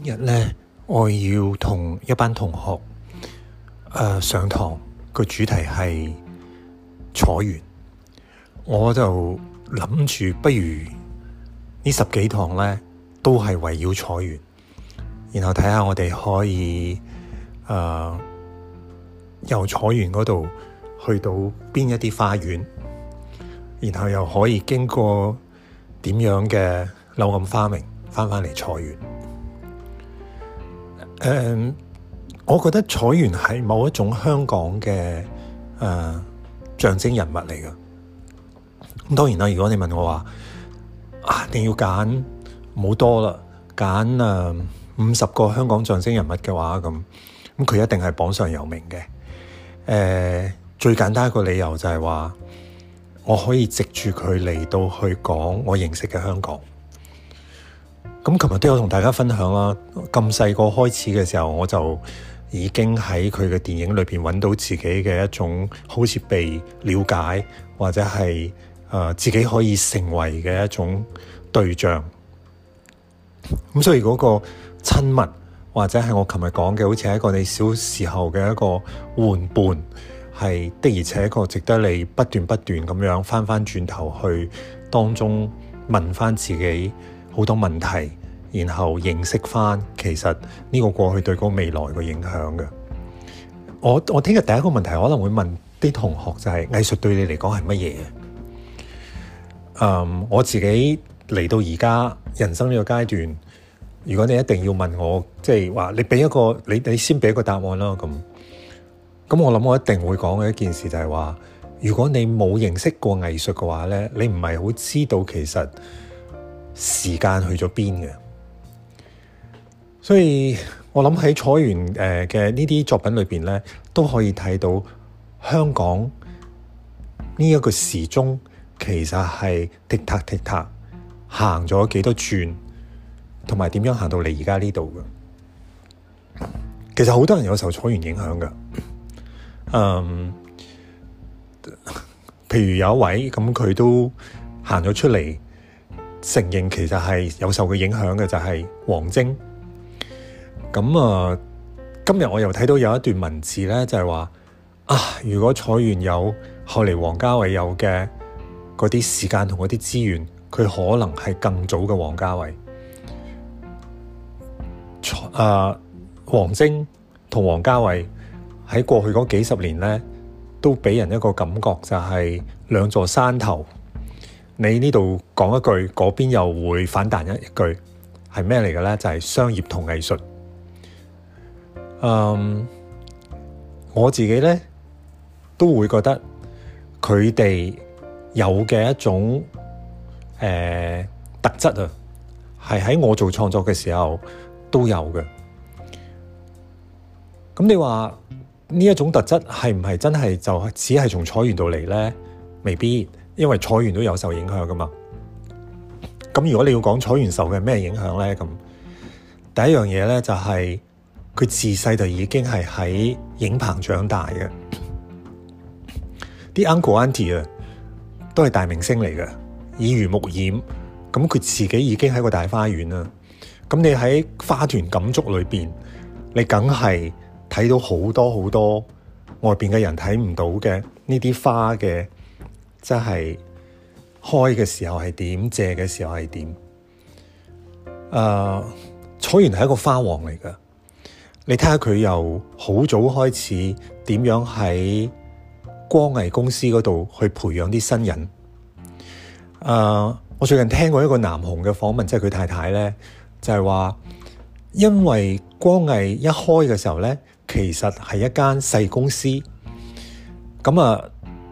今日咧，我要同一班同學、呃、上堂個主題係楚原。我就諗住，不如呢十幾堂咧都係圍繞楚原，然後睇下我哋可以誒、呃、由楚原嗰度去到邊一啲花園，然後又可以經過點樣嘅柳暗花明，翻返嚟楚原。誒，uh, 我覺得楚原係某一種香港嘅、誒、呃、象徵人物嚟㗎。咁當然啦，如果你問我話，啊，一定要揀冇多啦，揀誒五十個香港象徵人物嘅話，咁咁佢一定係榜上有名嘅。誒、呃，最簡單一個理由就係話，我可以藉住佢嚟到去講我認識嘅香港。咁琴日都有同大家分享啦。咁細個開始嘅時候，我就已經喺佢嘅電影裏邊揾到自己嘅一種好似被了解，或者係誒、呃、自己可以成為嘅一種對象。咁、嗯、所以嗰個親密，或者係我琴日講嘅，好似係一個你小時候嘅一個玩伴，係的而且確值得你不斷不斷咁樣翻翻轉頭去當中問翻自己好多問題。然後認識翻其實呢個過去對嗰個未來個影響嘅。我我聽日第一個問題可能會問啲同學，就係藝術對你嚟講係乜嘢？嗯，我自己嚟到而家人生呢個階段，如果你一定要問我，即係話你俾一個你你先俾一個答案啦。咁咁我諗我一定會講嘅一件事就係話，如果你冇認識過藝術嘅話咧，你唔係好知道其實時間去咗邊嘅。所以我諗喺楚原誒嘅呢啲作品裏邊咧，都可以睇到香港呢一個時鐘其實係滴嗒滴嗒行咗幾多轉，同埋點樣行到嚟而家呢度嘅。其實好多人有受楚原影響嘅，嗯，譬如有一位咁佢都行咗出嚟承認，其實係有受佢影響嘅，就係王晶。咁啊！今日我又睇到有一段文字咧，就係話啊，如果楚原有後嚟、王家衛有嘅嗰啲時間同嗰啲資源，佢可能係更早嘅王家衛。楚原啊、王晶同王家衛喺過去嗰幾十年咧，都俾人一個感覺就係兩座山頭。你呢度講一句，嗰邊又會反彈一句，係咩嚟嘅咧？就係商業同藝術。嗯，um, 我自己呢，都會覺得佢哋有嘅一種誒、呃、特質啊，係喺我做創作嘅時候都有嘅。咁你話呢一種特質係唔係真係就只係從楚原度嚟呢？未必，因為楚原都有受影響噶嘛。咁如果你要講楚原受嘅咩影響呢？咁第一樣嘢咧就係、是。佢自細就已經係喺影棚長大嘅，啲 uncle auntie 啊都係大明星嚟嘅，耳濡目染。咁佢自己已經喺個大花園啦。咁你喺花團錦簇裏邊，你梗係睇到好多好多外邊嘅人睇唔到嘅呢啲花嘅，即係開嘅時候係點，謝嘅時候係點。誒、呃，楚原係一個花王嚟嘅。你睇下佢由好早開始點樣喺光藝公司嗰度去培養啲新人。誒、呃，我最近聽過一個南紅嘅訪問，即係佢太太咧，就係、是、話，因為光藝一開嘅時候咧，其實係一間細公司，咁啊，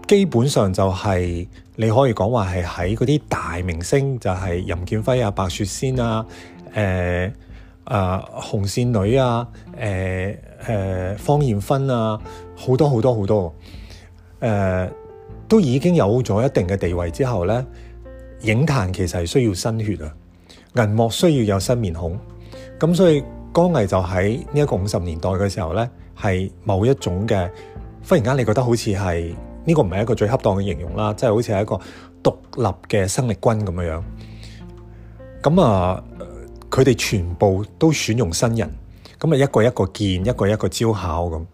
基本上就係你可以講話係喺嗰啲大明星，就係、是、任劍輝啊、白雪仙啊、誒、呃、啊、呃、紅線女啊。誒誒、呃呃，芳艷芬啊，好多好多好多誒、呃，都已經有咗一定嘅地位之後咧，影壇其實係需要新血啊，銀幕需要有新面孔咁，所以光藝就喺呢一個五十年代嘅時候咧，係某一種嘅忽然間，你覺得好似係呢個唔係一個最恰當嘅形容啦，即、就、係、是、好似係一個獨立嘅生力軍咁嘅樣。咁啊，佢哋全部都選用新人。咁咪一個一個見，一個一個招考咁。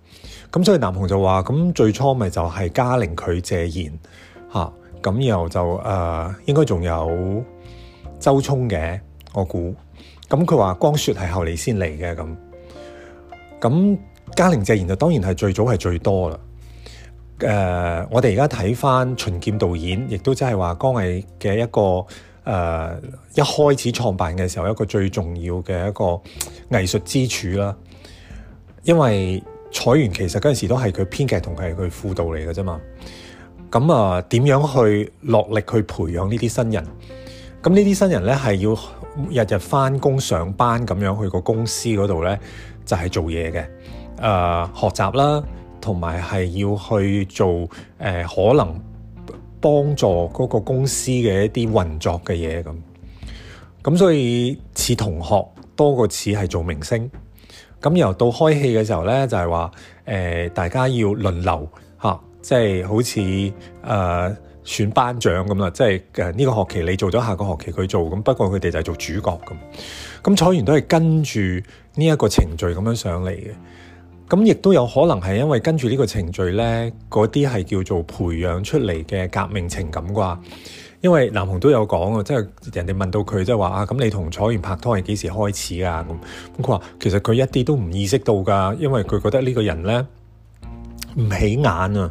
咁所以南紅就話：咁最初咪就係嘉玲佢謝賢嚇，咁、啊、然後就誒、呃、應該仲有周聰嘅，我估。咁佢話江雪係後嚟先嚟嘅咁。咁嘉玲謝賢就當然係最早係最多啦。誒、呃，我哋而家睇翻秦劍導演，亦都即係話光藝嘅一個。誒、uh，一開始創辦嘅時候，一個最重要嘅一個藝術支柱啦。因為彩源其實嗰陣時都係佢編劇同佢係佢輔導嚟嘅啫嘛。咁、嗯、啊，點樣去落力去培養呢啲新人？咁呢啲新人咧係要日日返工上班咁樣去個公司嗰度咧，就係、是、做嘢嘅。誒、呃、學習啦，同埋係要去做誒、呃、可能。幫助嗰個公司嘅一啲運作嘅嘢咁，咁所以似同學多過似係做明星。咁由到開戲嘅時候咧，就係話誒，大家要輪流嚇、啊，即係好似誒、呃、選班長咁啦，即係誒呢個學期你做咗，下個學期佢做。咁不過佢哋就係做主角咁。咁楚原都係跟住呢一個程序咁樣上嚟嘅。咁亦都有可能係因為跟住呢個程序呢，嗰啲係叫做培養出嚟嘅革命情感啩。因為南紅都有講啊，即係人哋問到佢即係話啊，咁你同楚原拍拖係幾時開始啊？咁佢話其實佢一啲都唔意識到㗎，因為佢覺得呢個人呢唔起眼啊。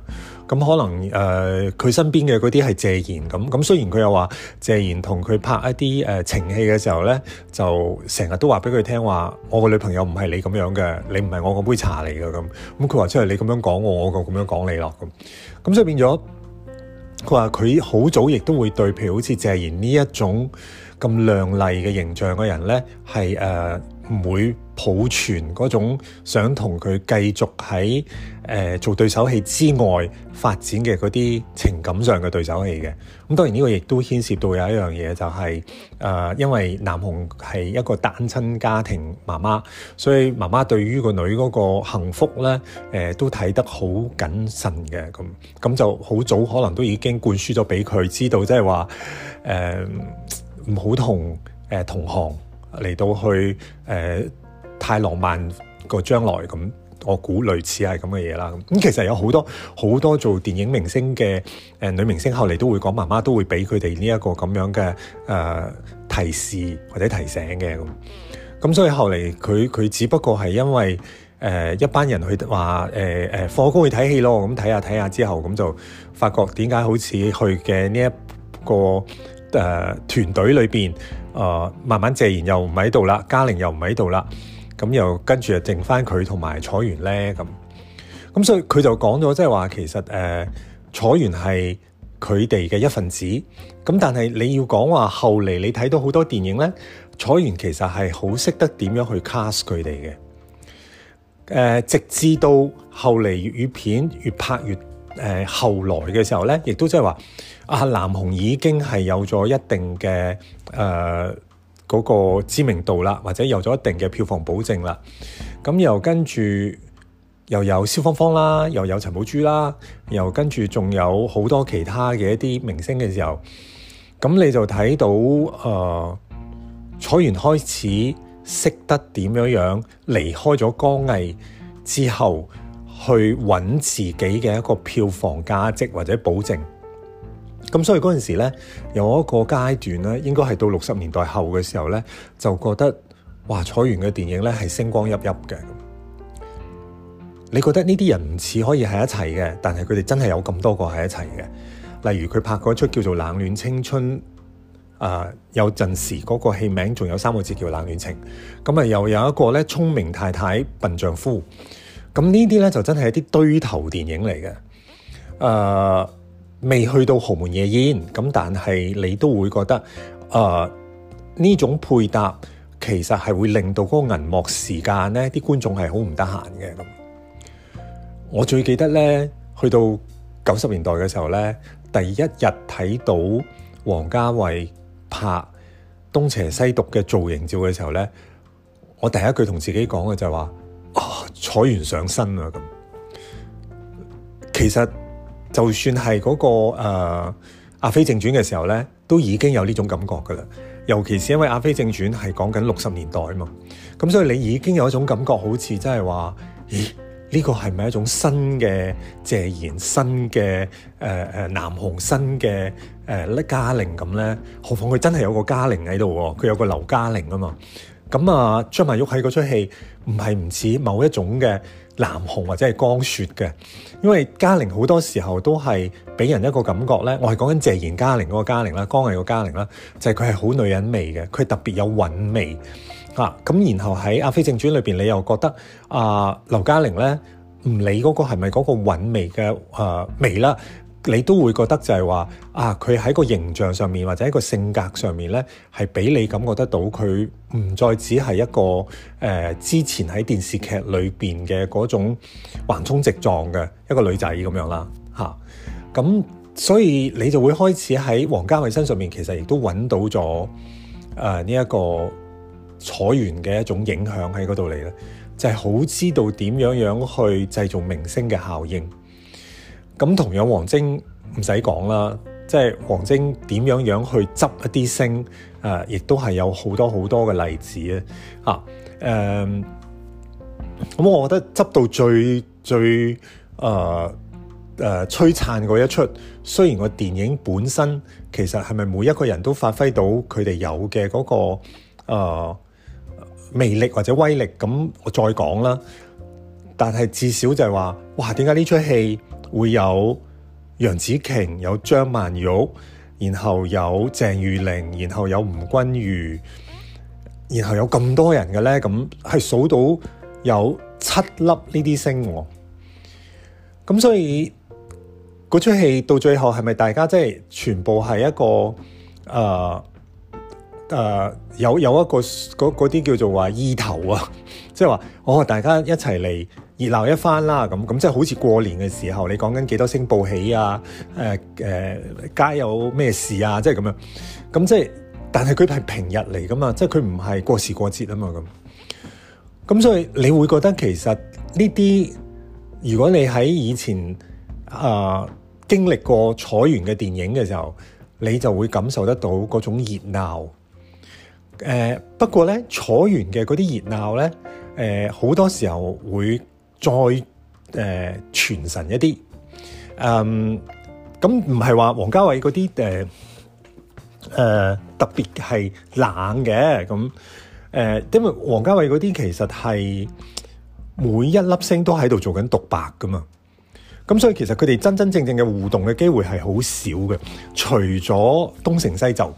咁、嗯、可能誒佢、呃、身邊嘅嗰啲係謝賢咁，咁、嗯、雖然佢又話謝賢同佢拍一啲誒、呃、情戲嘅時候咧，就成日都話俾佢聽話，我個女朋友唔係你咁樣嘅，你唔係我嗰杯茶嚟嘅咁。咁佢話即係你咁樣講我，我就咁樣講你咯咁。咁、嗯嗯、所以變咗，佢話佢好早亦都會對譬如好似謝賢呢一種咁亮麗嘅形象嘅人咧，係誒唔會。保存嗰種想同佢繼續喺誒、呃、做對手戲之外發展嘅嗰啲情感上嘅對手戲嘅。咁、嗯、當然呢個亦都牽涉到有一樣嘢，就係、是、誒、呃，因為南紅係一個單親家庭媽媽，所以媽媽對於個女嗰個幸福咧，誒、呃、都睇得好謹慎嘅。咁咁就好早可能都已經灌輸咗俾佢，知道即係話誒唔好同誒同行嚟到去誒。呃太浪漫個將來咁，我估類似係咁嘅嘢啦。咁其實有好多好多做電影明星嘅誒、呃、女明星，後嚟都會講媽媽都會俾佢哋呢一個咁樣嘅誒、呃、提示或者提醒嘅咁。咁所以後嚟佢佢只不過係因為誒、呃、一班人去話誒誒，課工去睇戲咯。咁睇下睇下之後，咁就發覺點解好似去嘅呢一個誒團隊裏邊啊，慢慢謝賢又唔喺度啦，嘉玲又唔喺度啦。咁又跟住啊，剩翻佢同埋楚原咧，咁咁所以佢就講咗，即係話其實誒楚原係佢哋嘅一份子，咁但係你要講話後嚟你睇到好多電影咧，楚原其實係好識得點樣去 cast 佢哋嘅，誒、呃、直至到後嚟粵語片越拍越誒、呃、後來嘅時候咧，亦都即係話阿南紅已經係有咗一定嘅誒。呃嗰個知名度啦，或者有咗一定嘅票房保證啦，咁又跟住又有蕭芳芳啦，又有陳寶珠啦，又跟住仲有好多其他嘅一啲明星嘅時候，咁你就睇到誒楚原開始識得點樣樣離開咗光藝之後，去揾自己嘅一個票房價值或者保證。咁所以嗰陣時咧，有一個階段咧，應該係到六十年代後嘅時候咧，就覺得哇，楚原嘅電影咧係星光熠熠嘅。你覺得呢啲人唔似可以喺一齊嘅，但係佢哋真係有咁多個喺一齊嘅。例如佢拍過一齣叫做《冷暖青春》呃，啊，有陣時嗰個戲名仲有三個字叫《冷暖情》。咁啊，又有一個咧，聰明太太笨丈夫。咁呢啲咧就真係一啲堆頭電影嚟嘅。啊、呃！未去到豪門夜宴，咁但係你都會覺得，誒、呃、呢種配搭其實係會令到嗰個銀幕時間呢啲觀眾係好唔得閒嘅咁。我最記得呢，去到九十年代嘅時候呢，第一日睇到王家衛拍《東邪西毒》嘅造型照嘅時候呢，我第一句同自己講嘅就係話：哦、啊，彩完上身啊咁。其實。就算係嗰、那個、呃、《阿飛正傳》嘅時候咧，都已經有呢種感覺噶啦。尤其是因為《阿飛正傳》係講緊六十年代啊嘛，咁所以你已經有一種感覺，好似真係話，咦？呢、這個係咪一種新嘅謝賢、新嘅誒誒南紅新、新嘅誒劉嘉玲咁咧？何況佢真係有個嘉玲喺度喎，佢有個劉嘉玲啊嘛。咁啊，張曼玉喺嗰出戲唔係唔似某一種嘅南紅或者係江雪嘅，因為嘉玲好多時候都係俾人一個感覺咧，我係講緊謝賢嘉玲嗰個嘉玲啦，江毅，個嘉玲啦，就係佢係好女人味嘅，佢特別有韻味啊。咁然後喺《阿飛正傳》裏邊，你又覺得啊，劉、呃、嘉玲咧唔理嗰個係咪嗰個韻味嘅誒、呃、味啦。你都會覺得就係話啊，佢喺個形象上面或者一個性格上面呢，係俾你感覺得到佢唔再只係一個誒、呃、之前喺電視劇裏邊嘅嗰種橫衝直撞嘅一個女仔咁樣啦嚇。咁、啊啊、所以你就會開始喺黃家慧身上面，其實亦都揾到咗誒呢一個楚原嘅一種影響喺嗰度嚟咧，就係、是、好知道點樣樣去製造明星嘅效應。咁同樣，王晶唔使講啦，即係王晶點樣樣去執一啲星，誒、呃，亦都係有好多好多嘅例子啊。嚇、嗯、誒，咁我覺得執到最最誒誒璀璨嗰一出，雖然個電影本身其實係咪每一個人都發揮到佢哋有嘅嗰、那個、呃、魅力或者威力，咁我再講啦。但係至少就係話，哇！點解呢出戲？會有楊紫瓊，有張曼玉，然後有鄭裕玲，然後有吳君如，然後有咁多人嘅咧，咁係數到有七粒呢啲星喎、哦。咁所以嗰出戲到最後係咪大家即係全部係一個誒誒、呃呃、有有一個嗰啲叫做話意頭啊， 即係話我同大家一齊嚟。熱鬧一番啦，咁咁即係好似過年嘅時候，你講緊幾多星報喜啊？誒、呃、誒、呃，街有咩事啊？即係咁樣。咁即係，但係佢係平日嚟噶嘛？即係佢唔係過時過節啊嘛？咁。咁所以你會覺得其實呢啲，如果你喺以前啊、呃、經歷過《楚原》嘅電影嘅時候，你就會感受得到嗰種熱鬧。呃、不過咧，《楚原》嘅嗰啲熱鬧咧，誒、呃、好多時候會。再誒、呃、傳神一啲，嗯，咁唔係話王家衛嗰啲誒誒特別係冷嘅，咁誒、呃，因為王家衛嗰啲其實係每一粒星都喺度做緊獨白噶嘛，咁所以其實佢哋真真正正嘅互動嘅機會係好少嘅，除咗東成西就，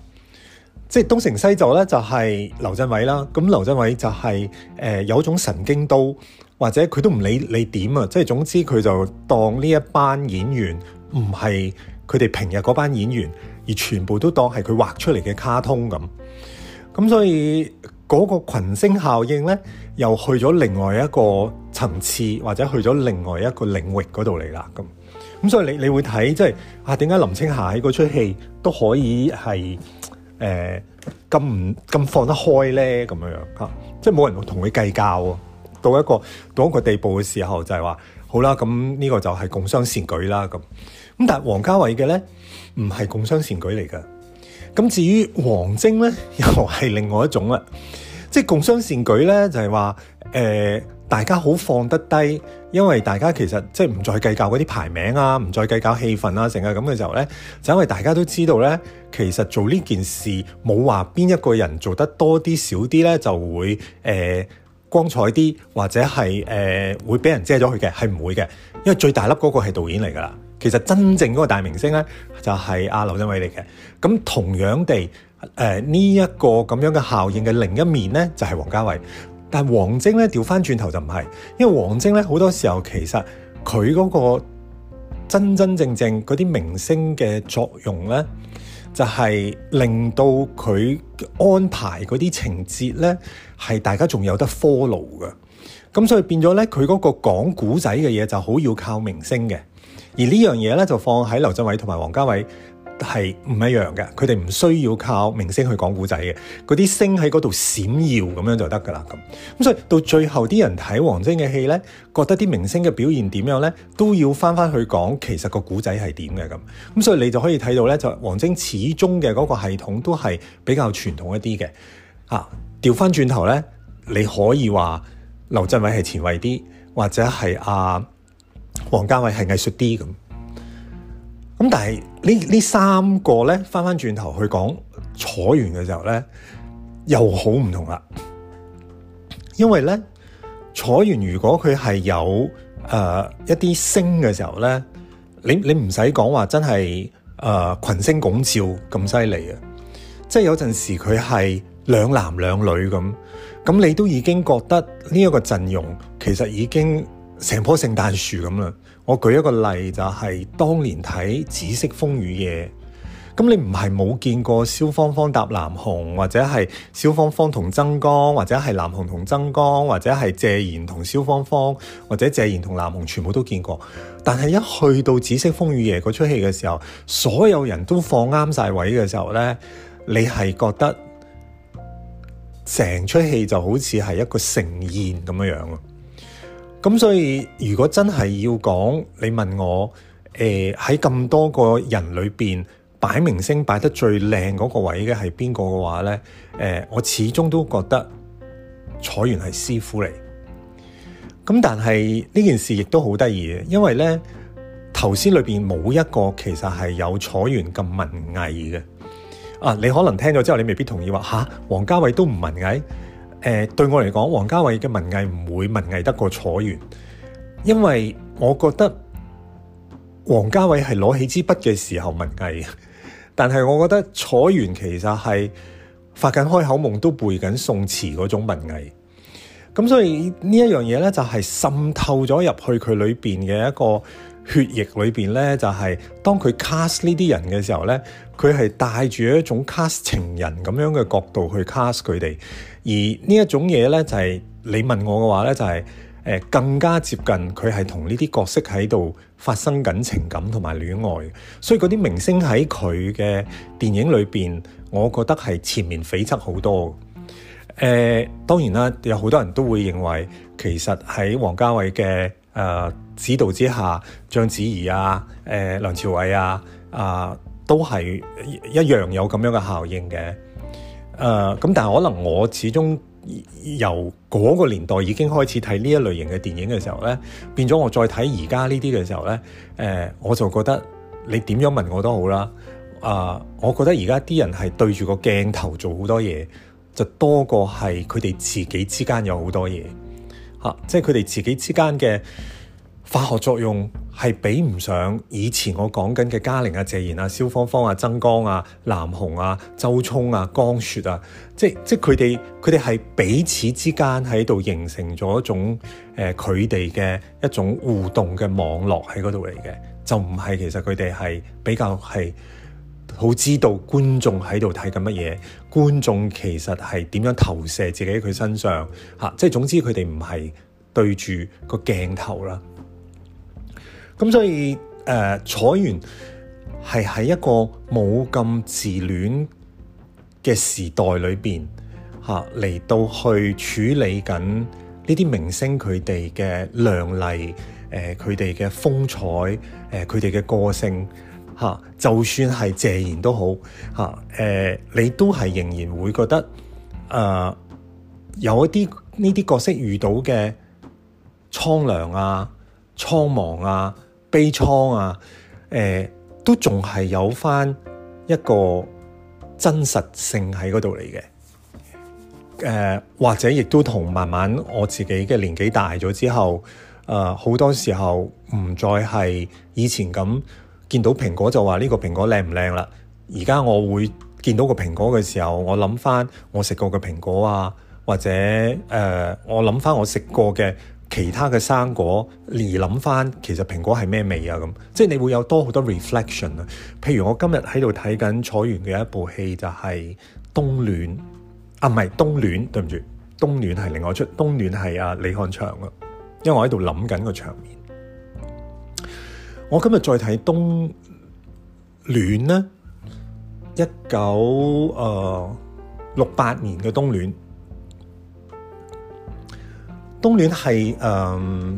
即係東成西呢就咧就係劉鎮偉啦，咁劉鎮偉就係、是、誒、呃、有一種神經刀。或者佢都唔理你點啊，即係總之佢就當呢一班演員唔係佢哋平日嗰班演員，而全部都當係佢畫出嚟嘅卡通咁。咁所以嗰個群星效應咧，又去咗另外一個層次，或者去咗另外一個領域嗰度嚟啦。咁咁所以你你會睇即係啊點解林青霞嗰出戲都可以係誒咁唔咁放得開咧咁樣樣嚇、啊，即係冇人會同佢計較啊！到一個到一個地步嘅時候就，就係話好啦，咁呢個就係共商善舉啦。咁咁，但係王家衛嘅咧，唔係共商善舉嚟㗎。咁至於王晶咧，又係另外一種啦。即係共商善舉咧，就係話誒，大家好放得低，因為大家其實即係唔再計較嗰啲排名啊，唔再計較氣氛啊，成啊咁嘅時候咧，就因為大家都知道咧，其實做呢件事冇話邊一個人做得多啲少啲咧，就會誒。呃光彩啲或者係誒、呃、會俾人遮咗佢嘅係唔會嘅，因為最大粒嗰個係導演嚟噶啦。其實真正嗰個大明星咧就係阿劉鎮偉嚟嘅。咁同樣地，誒呢一個咁樣嘅效應嘅另一面咧就係、是、王家衛。但係王晶咧調返轉頭就唔係，因為王晶咧好多時候其實佢嗰個真真正正嗰啲明星嘅作用咧。就係令到佢安排嗰啲情節咧，係大家仲有得 follow 嘅，咁所以變咗咧，佢嗰個講古仔嘅嘢就好要靠明星嘅，而呢樣嘢咧就放喺劉鎮偉同埋王家衛，係唔一樣嘅，佢哋唔需要靠明星去講古仔嘅，嗰啲星喺嗰度閃耀咁樣就得噶啦咁。咁所以到最後啲人睇王晶嘅戲呢，覺得啲明星嘅表現點樣呢？都要翻翻去講，其實個古仔係點嘅咁。咁所以你就可以睇到呢，就王晶始終嘅嗰個系統都係比較傳統一啲嘅。啊，調翻轉頭咧，你可以話劉鎮偉係前衛啲，或者係啊，王家衛係藝術啲咁。咁但係呢呢三個咧，翻翻轉頭去講楚原嘅時候咧，又好唔同啦。因為咧，楚原如果佢係有誒、呃、一啲星嘅時候咧，你你唔使講話真係誒羣星拱照咁犀利啊！即係有陣時佢係兩男兩女咁，咁你都已經覺得呢一個陣容其實已經成棵聖誕樹咁啦。我舉一個例，就係當年睇《紫色風雨夜》，咁你唔係冇見過蕭芳芳搭南紅，或者係蕭芳芳同曾江，或者係南紅同曾江，或者係謝賢同蕭芳芳，或者謝賢同南紅，全部都見過。但係一去到《紫色風雨夜》嗰出戲嘅時候，所有人都放啱晒位嘅時候呢，你係覺得成出戲就好似係一個盛宴咁樣。咁所以如果真係要講，你問我，誒喺咁多個人裏邊擺明星擺得最靚嗰個位嘅係邊個嘅話咧，誒、呃、我始終都覺得楚原係師傅嚟。咁但係呢件事亦都好得意嘅，因為咧頭先裏邊冇一個其實係有楚原咁文藝嘅。啊，你可能聽咗之後你未必同意話吓，王、啊、家衛都唔文藝。誒、呃，對我嚟講，王家衛嘅文藝唔會文藝得過楚原，因為我覺得王家衛係攞起支筆嘅時候文藝，但係我覺得楚原其實係發緊開口夢都背緊宋詞嗰種文藝，咁所以呢一樣嘢咧就係、是、滲透咗入去佢裏邊嘅一個血液裏邊咧，就係、是、當佢 cast 呢啲人嘅時候咧。佢係帶住一種 cast 情人咁樣嘅角度去 cast 佢哋，而呢一種嘢呢，就係、是、你問我嘅話呢，就係、是、誒、呃、更加接近佢係同呢啲角色喺度發生緊情感同埋戀愛，所以嗰啲明星喺佢嘅電影裏邊，我覺得係前面匪跡好多。誒、呃、當然啦，有好多人都會認為其實喺王家衛嘅誒指導之下，章子怡啊、誒、呃、梁朝偉啊、啊、呃。都係一樣有咁樣嘅效應嘅，誒、呃、咁，但係可能我始終由嗰個年代已經開始睇呢一類型嘅電影嘅時候咧，變咗我再睇而家呢啲嘅時候咧，誒、呃、我就覺得你點樣問我都好啦，啊、呃，我覺得而家啲人係對住個鏡頭做好多嘢，就多過係佢哋自己之間有好多嘢嚇、啊，即係佢哋自己之間嘅。化學作用係比唔上以前我講緊嘅嘉玲啊、謝賢啊、蕭芳芳啊、曾江啊、南紅啊、周聰啊、江雪啊，即係即係佢哋，佢哋係彼此之間喺度形成咗一種誒，佢哋嘅一種互動嘅網絡喺嗰度嚟嘅，就唔係其實佢哋係比較係好知道觀眾喺度睇緊乜嘢，觀眾其實係點樣投射自己喺佢身上吓、啊，即係總之佢哋唔係對住個鏡頭啦。咁所以誒，楚原係喺一個冇咁自戀嘅時代裏邊嚇，嚟到去處理緊呢啲明星佢哋嘅亮麗誒，佢哋嘅風采誒，佢哋嘅個性嚇，就算係謝賢都好嚇誒、呃，你都係仍然會覺得誒、呃、有一啲呢啲角色遇到嘅蒼涼啊、蒼茫啊。悲愴啊，誒、呃，都仲係有翻一個真實性喺嗰度嚟嘅，誒、呃，或者亦都同慢慢我自己嘅年紀大咗之後，啊、呃，好多時候唔再係以前咁見到蘋果就話呢個蘋果靚唔靚啦，而家我會見到個蘋果嘅時候，我諗翻我食過嘅蘋果啊，或者誒、呃，我諗翻我食過嘅。其他嘅生果，而諗翻其實蘋果係咩味啊？咁即係你會有多好多 reflection 啊。譬如我今日喺度睇緊楚原嘅一部戲，就係《冬暖》啊，唔係《冬暖》，對唔住，《冬暖》係另外出，《冬暖》係啊，李漢祥啊。因為我喺度諗緊個場面，我今日再睇《冬暖》呢，一九誒六八年嘅《冬暖》。《冬戀》係、嗯、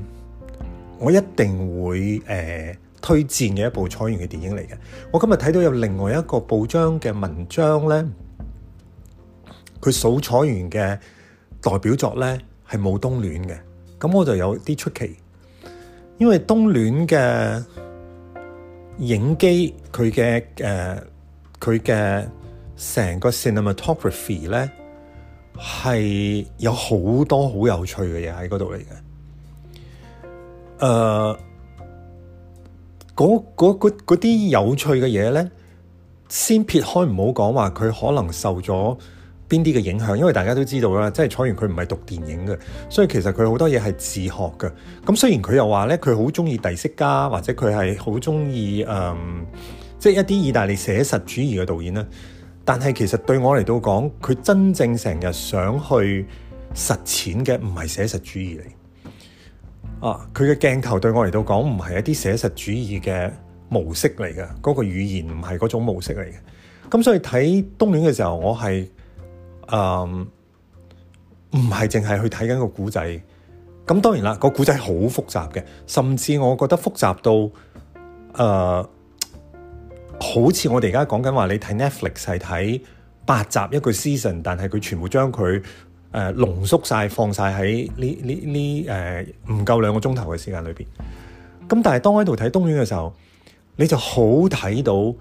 誒，我一定會誒、呃、推薦嘅一部楚原嘅電影嚟嘅。我今日睇到有另外一個報章嘅文章咧，佢數楚原嘅代表作咧係冇《冬戀》嘅，咁我就有啲出奇，因為《冬戀》嘅影機佢嘅誒佢嘅成個 cinematography 咧。係有好多好有趣嘅嘢喺嗰度嚟嘅，誒、uh，嗰啲有趣嘅嘢呢，先撇開唔好講話佢可能受咗邊啲嘅影響，因為大家都知道啦，即係楚原佢唔係讀電影嘅，所以其實佢好多嘢係自學嘅。咁雖然佢又話呢，佢好中意迪式家，或者佢係好中意誒，即、嗯、係、就是、一啲意大利寫實主義嘅導演啦。但係其實對我嚟到講，佢真正成日想去實踐嘅唔係寫實主義嚟，啊，佢嘅鏡頭對我嚟到講唔係一啲寫實主義嘅模式嚟嘅，嗰、嗰個語言唔係嗰種模式嚟嘅。咁所以睇冬暖嘅時候，我係，嗯、呃，唔係淨係去睇緊個古仔。咁當然啦，個古仔好複雜嘅，甚至我覺得複雜到，誒、呃。好似我哋而家講緊話，你睇 Netflix 係睇八集一個 season，但係佢全部將佢誒濃縮晒、放晒喺呢呢呢誒唔夠兩個鐘頭嘅時間裏邊。咁、嗯、但係當我喺度睇東遠嘅時候，你就好睇到嗰、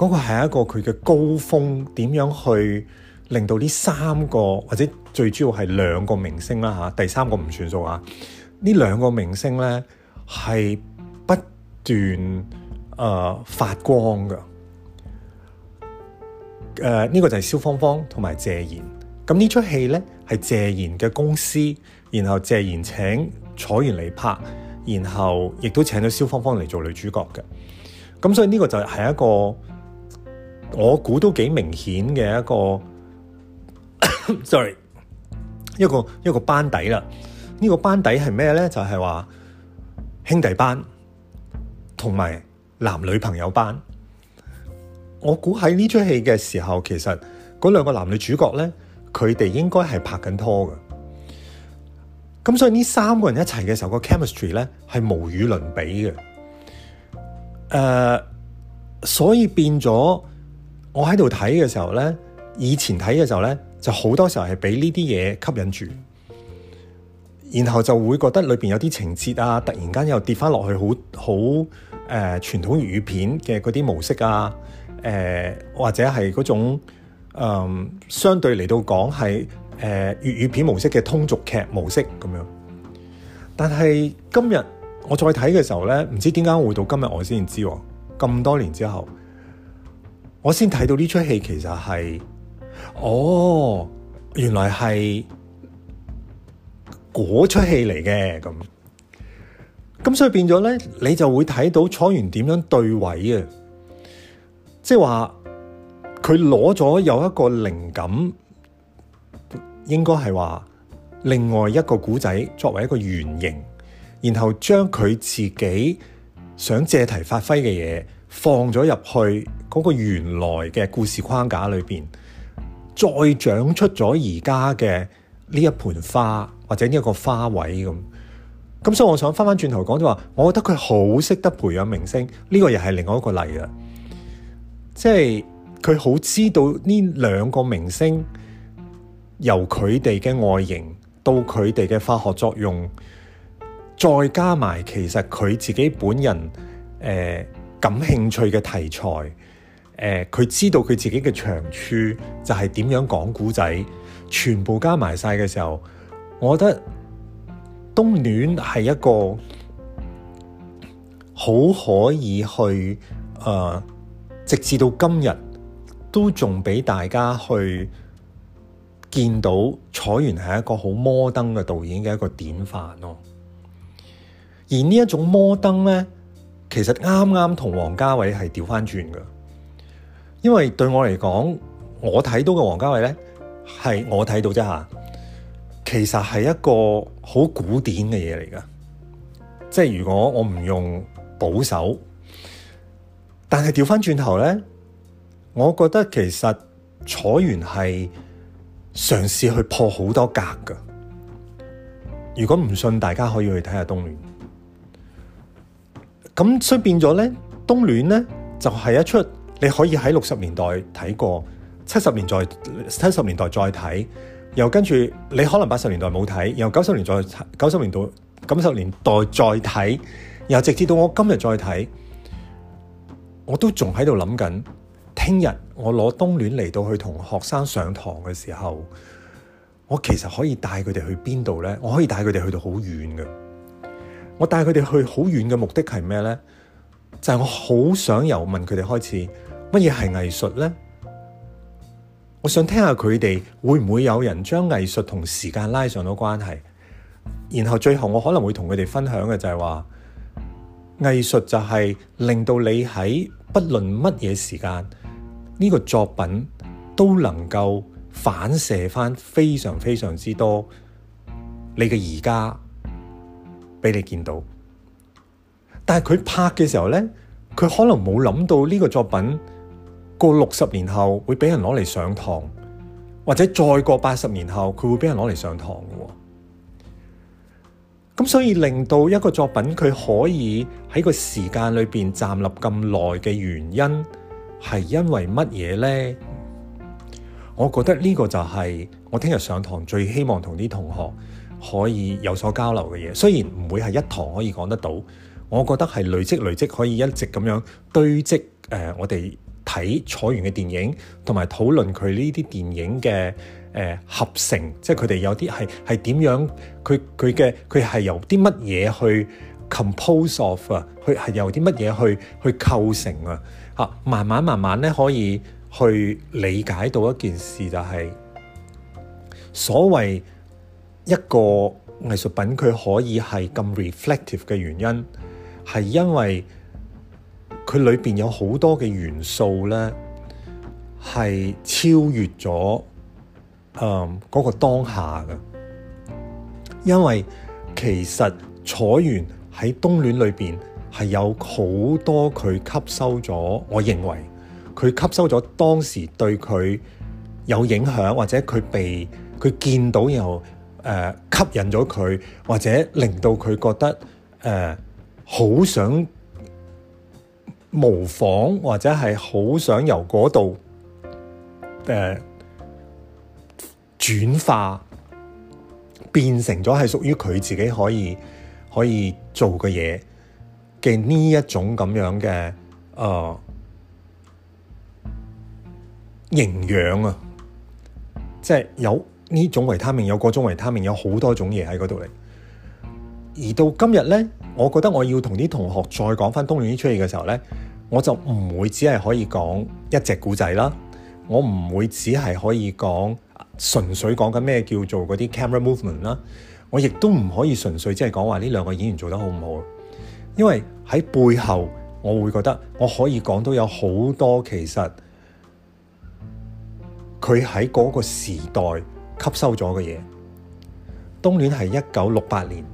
那個係一個佢嘅高峰，點樣去令到呢三個或者最主要係兩個明星啦嚇、啊，第三個唔算數啊。呢兩個明星咧係不斷，誒、呃、發光嘅誒呢個就係蕭芳芳同埋謝賢咁呢、嗯、出戲咧係謝賢嘅公司，然後謝賢請楚原嚟拍，然後亦都請咗蕭芳芳嚟做女主角嘅。咁、嗯、所以呢個就係一個我估都幾明顯嘅一個 sorry 一個一個班底啦。呢、這個班底係咩咧？就係、是、話兄弟班同埋，男女朋友班，我估喺呢出戲嘅時候，其實嗰兩個男女主角呢，佢哋應該係拍緊拖嘅。咁所以呢三個人一齊嘅時候，個 chemistry 呢係無與倫比嘅。誒、呃，所以變咗我喺度睇嘅時候呢，以前睇嘅時候呢，就好多時候係俾呢啲嘢吸引住，然後就會覺得裏邊有啲情節啊，突然間又跌翻落去，好好。誒、呃、傳統粵語片嘅嗰啲模式啊，誒、呃、或者係嗰種、呃、相對嚟到講係誒粵語片模式嘅通俗劇模式咁樣。但係今日我再睇嘅時候咧，唔知點解會到今日我先知、啊，咁多年之後，我先睇到呢出戲其實係，哦，原來係嗰出戲嚟嘅咁。咁所以變咗咧，你就會睇到楚原點樣對位啊。即係話佢攞咗有一個靈感，應該係話另外一個古仔作為一個原型，然後將佢自己想借題發揮嘅嘢，放咗入去嗰個原來嘅故事框架裏邊，再長出咗而家嘅呢一盆花或者呢一個花位咁。咁所以我想翻翻轉頭講就話，我覺得佢好識得培養明星，呢、這個又係另外一個例啦！即係佢好知道呢兩個明星，由佢哋嘅外形到佢哋嘅化學作用，再加埋其實佢自己本人誒、呃、感興趣嘅題材，誒、呃、佢知道佢自己嘅長處就係點樣講古仔，全部加埋晒嘅時候，我覺得。《冬暖》係一個好可以去誒、呃，直至到今日都仲畀大家去見到，楚原係一個好摩登嘅導演嘅一個典範咯。而呢一種摩登咧，其實啱啱同王家衛係調翻轉㗎，因為對我嚟講，我睇到嘅王家衛咧係我睇到啫吓。其實係一個好古典嘅嘢嚟噶，即係如果我唔用保守，但係調翻轉頭咧，我覺得其實楚原係嘗試去破好多格噶。如果唔信，大家可以去睇下冬暖變呢《冬暖呢》。咁所以變咗咧，《冬暖》咧就係、是、一出你可以喺六十年代睇過，七十年代七十年代再睇。又跟住，你可能八十年代冇睇，然後九十年代、九十年代、九十年代再睇，然後直至到我今日再睇，我都仲喺度諗緊，聽日我攞冬暖嚟到去同學生上堂嘅時候，我其實可以帶佢哋去邊度咧？我可以帶佢哋去到好遠嘅，我帶佢哋去好遠嘅目的係咩咧？就係、是、我好想由問佢哋開始，乜嘢係藝術咧？我想聽下佢哋會唔會有人將藝術同時間拉上咗關係，然後最後我可能會同佢哋分享嘅就係話，藝術就係令到你喺不論乜嘢時間，呢個作品都能夠反射翻非常非常之多你嘅，而家俾你見到，但係佢拍嘅時候呢，佢可能冇諗到呢個作品。到六十年後會俾人攞嚟上堂，或者再過八十年後佢會俾人攞嚟上堂嘅。咁所以令到一個作品佢可以喺個時間裏邊站立咁耐嘅原因係因為乜嘢呢？我覺得呢個就係我聽日上堂最希望同啲同學可以有所交流嘅嘢，雖然唔會係一堂可以講得到。我覺得係累積累積，可以一直咁樣堆積。誒、呃，我哋睇楚原嘅電影，同埋討論佢呢啲電影嘅誒、呃、合成，即係佢哋有啲係係點樣？佢佢嘅佢係由啲乜嘢去 compose of 啊？佢係由啲乜嘢去去構成啊？嚇，慢慢慢慢咧，可以去理解到一件事，就是，就係所謂一個藝術品佢可以係咁 reflective 嘅原因。係因為佢裏邊有好多嘅元素咧，係超越咗誒嗰個當下嘅。因為其實楚原喺冬戀裏邊係有好多佢吸收咗，我認為佢吸收咗當時對佢有影響，或者佢被佢見到又誒、呃、吸引咗佢，或者令到佢覺得誒、呃好想模仿，或者係好想由嗰度誒轉化，變成咗係屬於佢自己可以可以做嘅嘢嘅呢一種咁樣嘅誒、呃、營養啊！即係有呢種維他命，有各種維他命，有好多種嘢喺嗰度嚟。而到今日咧。我覺得我要同啲同學再講翻《冬暖》呢出戲嘅時候呢，我就唔會只係可以講一隻古仔啦，我唔會只係可以講純粹講緊咩叫做嗰啲 camera movement 啦，我亦都唔可以純粹即係講話呢兩個演員做得好唔好，因為喺背後，我會覺得我可以講到有好多其實佢喺嗰個時代吸收咗嘅嘢，《冬暖》係一九六八年。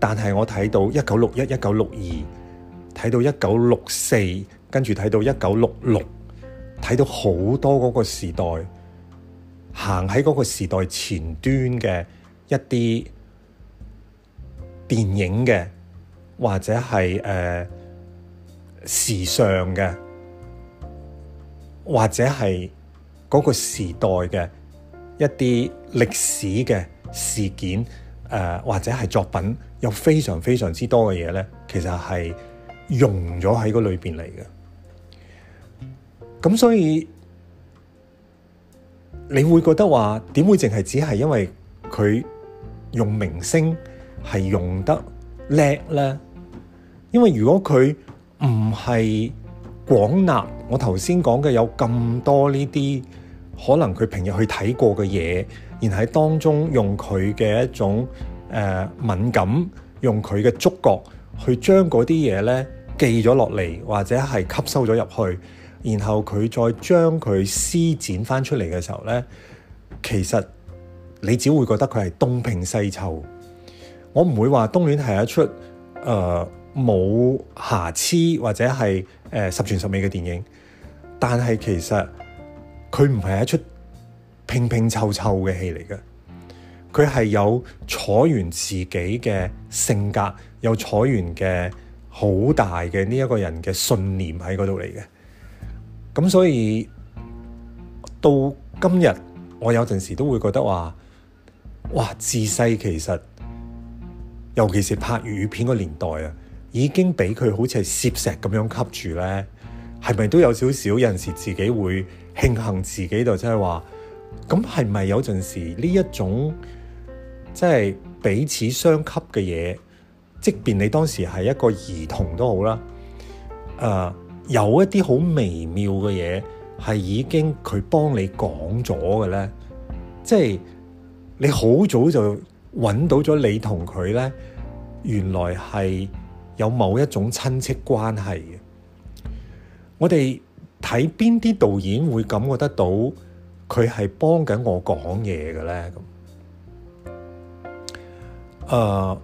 但係我睇到一九六一、一九六二，睇到一九六四，跟住睇到一九六六，睇到好多嗰個時代行喺嗰個時代前端嘅一啲電影嘅，或者係誒、呃、時尚嘅，或者係嗰個時代嘅一啲歷史嘅事件。誒、呃、或者係作品有非常非常之多嘅嘢咧，其實係用咗喺嗰裏邊嚟嘅。咁所以你會覺得話點會淨係只係因為佢用明星係用得叻咧？因為如果佢唔係廣納我頭先講嘅有咁多呢啲，可能佢平日去睇過嘅嘢。然喺當中用佢嘅一種誒、呃、敏感，用佢嘅觸覺去將嗰啲嘢咧記咗落嚟，或者係吸收咗入去，然後佢再將佢施展翻出嚟嘅時候咧，其實你只會覺得佢係東拼西湊。我唔會話《東戀》係一出誒冇、呃、瑕疵或者係誒、呃、十全十美嘅電影，但係其實佢唔係一出拼拼湊湊嘅戲嚟嘅，佢係有楚原自己嘅性格，有楚原嘅好大嘅呢一個人嘅信念喺嗰度嚟嘅。咁所以到今日，我有陣時都會覺得話，哇！自細其實，尤其是拍粵語片個年代啊，已經畀佢好似係攝石咁樣吸住咧，係咪都有少少？有陣時自己會慶幸自己就即係話。咁係咪有陣時呢一種即係彼此相吸嘅嘢？即便你當時係一個兒童都好啦，誒、呃，有一啲好微妙嘅嘢係已經佢幫你講咗嘅咧，即係你好早就搵到咗你同佢咧，原來係有某一種親戚關係嘅。我哋睇邊啲導演會感覺得到？佢係幫緊我講嘢嘅咧，咁，誒，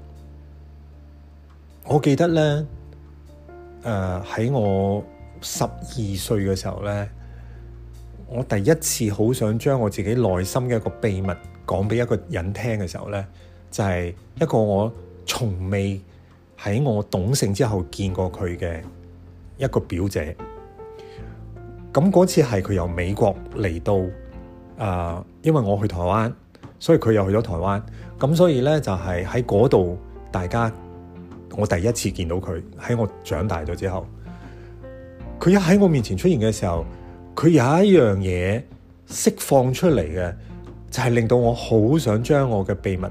我記得咧，誒、呃、喺我十二歲嘅時候咧，我第一次好想將我自己內心嘅一個秘密講俾一個人聽嘅時候咧，就係、是、一個我從未喺我懂性之後見過佢嘅一個表姐。咁嗰次係佢由美國嚟到。誒，uh, 因為我去台灣，所以佢又去咗台灣。咁所以呢，就係喺嗰度，大家我第一次見到佢喺我長大咗之後，佢一喺我面前出現嘅時候，佢有一樣嘢釋放出嚟嘅，就係令到我好想將我嘅秘密，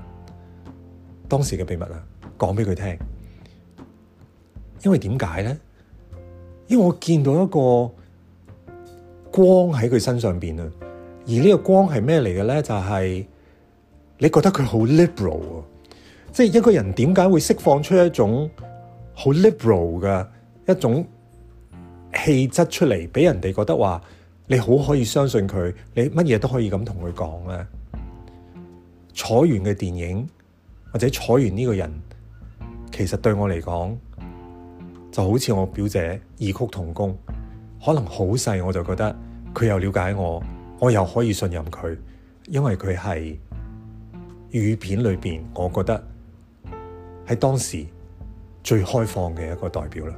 當時嘅秘密啊，講俾佢聽。因為點解呢？因為我見到一個光喺佢身上邊啊！而呢個光係咩嚟嘅咧？就係你覺得佢好 liberal 啊，即係一個人點解會釋放出一種好 liberal 嘅一種氣質出嚟，俾人哋覺得話你好可以相信佢，你乜嘢都可以咁同佢講咧。楚原嘅電影或者楚原呢個人，其實對我嚟講就好似我表姐異曲同工，可能好細我就覺得佢又了解我。我又可以信任佢，因為佢係粵語片裏面我覺得喺當時最開放嘅一個代表啦。